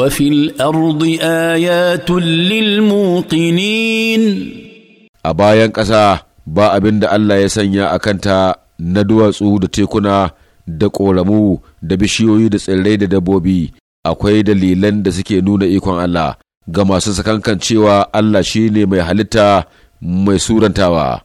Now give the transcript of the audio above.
وفي الأرض آيات للموقنين أبايا كسا با أبن Allah ya sanya a kanta na duwatsu da tekuna, da ƙoramu da bishiyoyi da tsirrai da dabbobi akwai dalilan da suke nuna ikon Allah ga masu sakankan cewa Allah shi ne mai halitta mai surantawa.